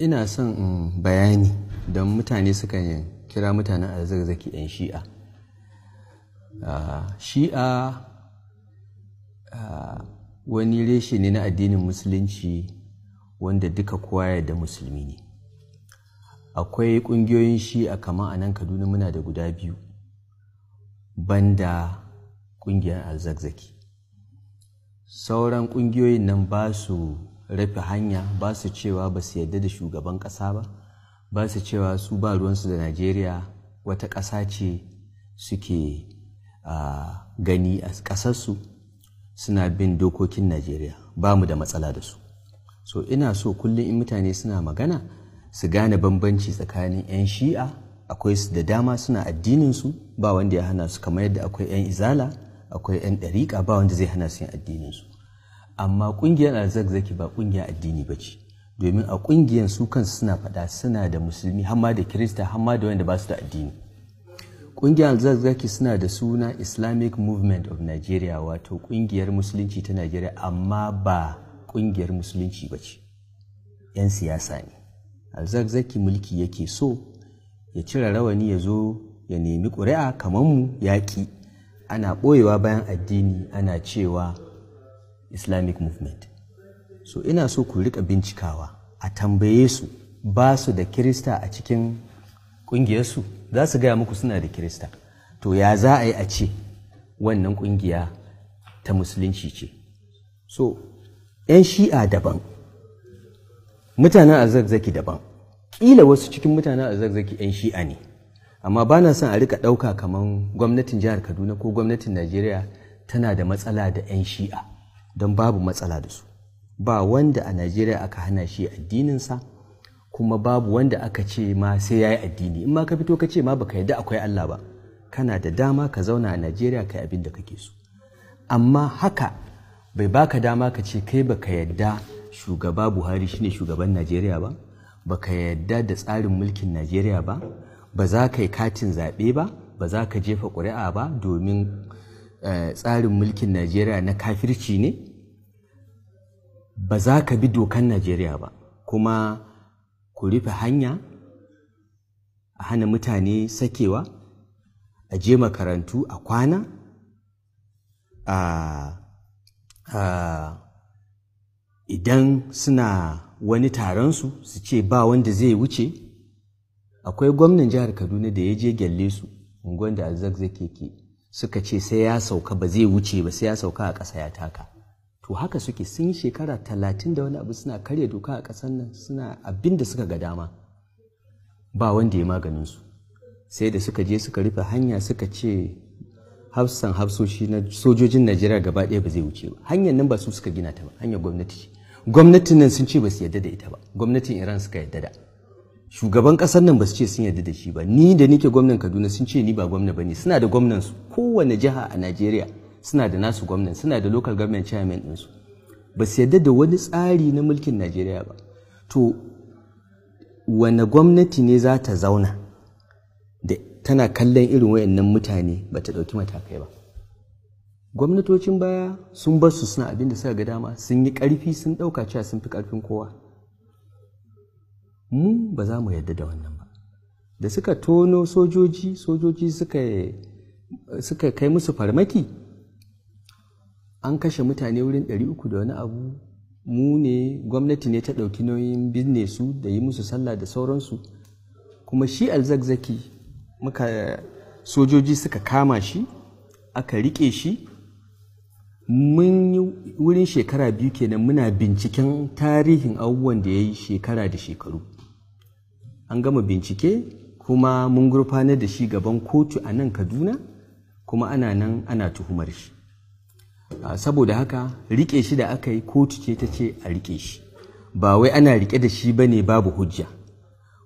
ina son bayani don mutane suka kira mutanen arzarzaki 'yan shi'a ah, shi'a ah, wani reshe ne na addinin musulunci wanda duka kowa da musulmi ne akwai ƙungiyoyin shi'a kama a nan kaduna muna da guda biyu banda ƙungiyar alzakzaki sauran ƙungiyoyin nan ba su rufe hanya ba su cewa ba su yadda da shugaban ƙasa ba ba su cewa su ba ruwansu da najeriya wata ƙasa ce suke gani a ƙasarsu suna bin dokokin najeriya ba mu da matsala da su so ina so kullum in mutane suna magana su gane bambanci tsakanin 'yan shi'a akwai su da dama suna addininsu ba wanda ya hana su kamar yadda akwai 'yan izala akwai 'yan ɗariƙa ba wanda zai hana su yin addininsu amma ƙungiyar alzakzaki ba ƙungiyar addini ba ce domin a ƙungiyar su kansu suna faɗa suna da musulmi hamma da kirista hamma da wanda ba su da addini ƙungiyar alzakzaki suna da suna islamic movement of nigeria wato ƙungiyar musulunci ta nigeria amma ba ƙungiyar musulunci ba ce 'yan siyasa ne alzakzaki mulki yake so ya cire rawani ya zo ya nemi ƙuri'a kamar mu yaƙi ana ɓoyewa bayan addini ana cewa islamic movement so ina so ku rika bincikawa a tambaye su ba su da kirista a cikin ƙungiyarsu za su gaya muku suna da kirista to ya za a yi a ce wannan ƙungiya ta musulunci ce so 'yan shi'a daban mutanen azakzaki daban ƙila wasu cikin mutanen azakzaki 'yan shi'a ne amma ba na son a rika ɗauka kamar gwamnatin jihar kaduna ko gwamnatin najeriya tana da matsala da 'yan shi'a don babu matsala da su ba wanda a najeriya aka hana shi addininsa kuma babu wanda aka ce ma sai ya yi addini in ma ka fito ka ce ma baka yadda akwai allah ba kana da dama ka zauna a najeriya ka yi abin da kake so amma haka bai baka dama ka ce kai baka yadda shugaba buhari shine shugaban najeriya ba baka yadda da tsarin mulkin najeriya ba ba za ka yi katin zaɓe ba ba za ka jefa ƙuri'a ba domin Eh, tsarin mulkin najeriya na kafirci ne ba za ka bi dokan najeriya ba kuma ku rufe hanya a hana mutane sakewa a je makarantu a kwana a idan suna wani taronsu su ce ba wanda zai wuce akwai gwamnan jihar kaduna da ya je gyalle su unguwan da azzak zake ke suka ce sai ya sauka ba zai wuce ba sai ya sauka a ƙasa ya taka to haka suke sun yi shekara talatin da wani abu suna karya doka a ƙasar nan suna abin da suka ga dama ba wanda ya maganin su sai da suka je suka rufe hanya suka ce hafsan hafsoshi na sojojin najeriya gaba ɗaya ba zai wuce ba hanyar nan ba su suka gina ta ba hanyar gwamnati ce gwamnatin nan sun ce ba su yadda da ita ba gwamnatin iran suka yadda da shugaban ƙasar nan ba su ce sun yarda da shi ba ni da nike gwamnan kaduna sun ce ni ba gwamna ba ne suna da gwamnan su kowane jiha a najeriya suna da nasu gwamnan suna da local government chairman ɗinsu ba su yarda da wani tsari na mulkin najeriya ba to wane gwamnati ne za ta zauna da tana kallon irin wayannan mutane ba ta ɗauki matakai ba gwamnatocin baya sun bar su suna abin da suka ga dama sun yi ƙarfi sun ɗauka cewa sun fi ƙarfin kowa mu ba za mu yadda da wannan ba da suka tono sojoji sojoji suka kai musu farmaki an kashe mutane wurin 300 da wani abu mu ne gwamnati ne ta ɗauki nauyin binne su da yi musu sallah da sauransu kuma shi alzakzaki muka sojoji suka kama shi aka riƙe shi mun yi wurin shekara biyu kenan muna binciken tarihin abubuwan da ya yi shekara da shekaru an gama bincike kuma mun gurfanar da shi gaban kotu a nan kaduna kuma ana nan ana tuhumar shi saboda haka rike shi da aka yi kotu ce ta ce a rike shi ba wai ana rike da shi ba ne babu hujja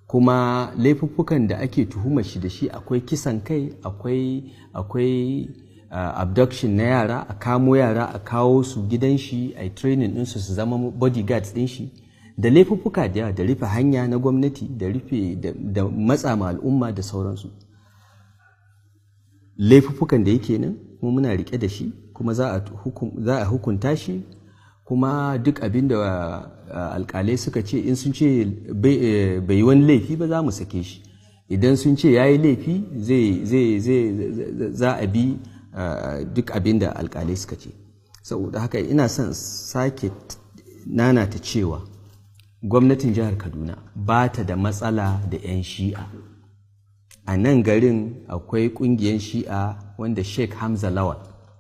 kuma laifuffukan da ake tuhumar shi da shi akwai kisan kai akwai akwai uh, abduction na yara a kamo yara a kawo su gidan shi a training ɗinsu su zama bodyguards ɗin shi da laifuffuka da yawa da rufe hanya na gwamnati da rufe da matsa ma al'umma da sauransu laifuffukan da yake nan kuma muna rike da shi kuma za a hukunta shi kuma duk abin da alkalai suka ce in sun ce eh, bai yi wani laifi ba za mu sake shi idan sun ce ya yi laifi za a bi duk abin da alkalai suka ce saboda haka ina son sake nanata cewa gwamnatin jihar kaduna ba ta da matsala da 'yan shi'a a nan garin akwai ƙungiyar shi'a wanda sheikh hamza lawal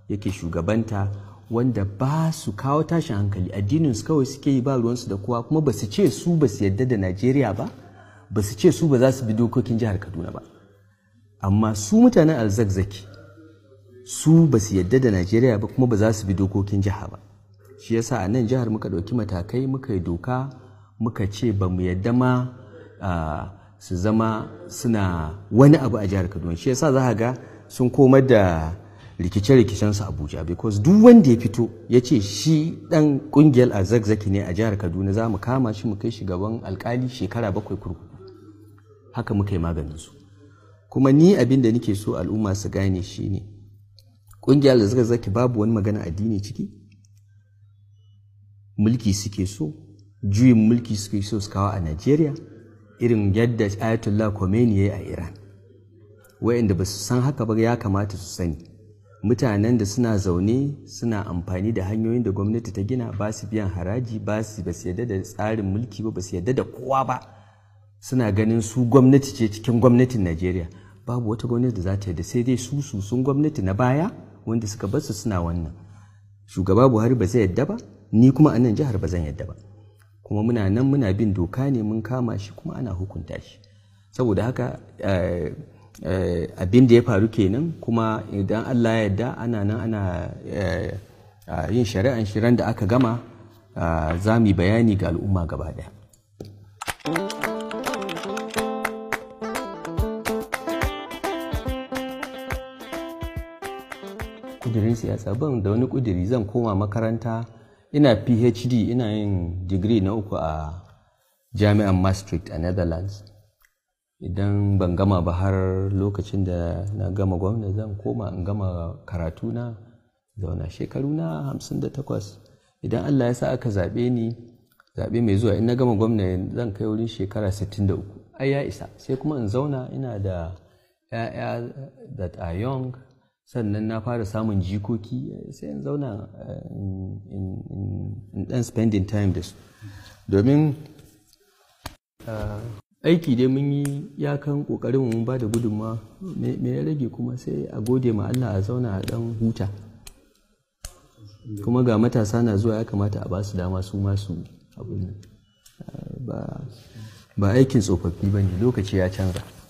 yake shugabanta wanda ba su kawo tashin hankali addinin su kawai suke yi ba ruwansu da kowa kuma ba su ce su ba su yadda da najeriya ba ba su ce su ba za su bi dokokin jihar kaduna ba amma su mutanen alzakzaki su ba su yadda da najeriya ba kuma ba za su bi dokokin jiha ba shi yasa a nan jihar muka ɗauki matakai muka yi doka muka ce ba mu yadda ma su zama suna wani abu a jihar kaduna shi yasa za a ga sun komar da rikice rikicen su abuja because duk wanda ya fito ya ce shi dan kungiyar azakzaki ne a jihar kaduna za mu kama shi mu kai shi gaban alkali shekara bakwai kurkuku haka muka yi maganin su kuma ni abin da nake so al'umma su gane shi ne kungiyar azakzaki babu wani magana addini ciki mulki suke so juyin mulki suke so su kawo a Najeriya irin yadda Ayatollah Khomeini ya yi a Iran. Wayanda ba su san haka ba ya kamata su sani. Mutanen da suna zaune suna amfani da hanyoyin da gwamnati ta gina ba su biyan haraji ba su ba yadda da tsarin mulki ba ba su yadda da kowa ba. Suna ganin su gwamnati ce cikin gwamnatin Najeriya. Babu wata gwamnati da za ta yadda sai dai su su sun gwamnati na baya wanda suka bar su suna wannan. Shugaba Buhari ba zai yadda ba, ni kuma a nan jihar ba zan yadda ba. kuma muna nan muna bin doka ne mun kama shi kuma ana hukunta shi saboda haka eh, eh, abin da ya faru kenan kuma idan allah ya yarda ana nan ana eh, yin shari'an shirin da aka gama za mu bayani ga al'umma gaba daya kudirin siyasa ban da wani kudiri zan koma makaranta ina phd ina yin digiri na uku a jami'an maastricht a netherlands idan ban gama ba har lokacin da na gama gwamna zan koma in gama karatuna zauna shekaru na 58 idan allah ya sa aka zaɓe ni zaɓe mai zuwa in na gama gwamna zan kai wurin shekara 63 ai ya isa sai kuma in zauna ina da 'ya'ya that are young sannan na fara samun jikoki sai in zauna eh, in dan spending time da su domin eh, aiki dai mun yi ya yakan kokarin mun ba da gudunma me ya rage kuma sai a gode ma Allah a zauna a dan huta kuma ga matasa na zuwa ya kamata a ba su dama su masu abin eh, ba aikin tsofaffi ba ne lokaci ya canza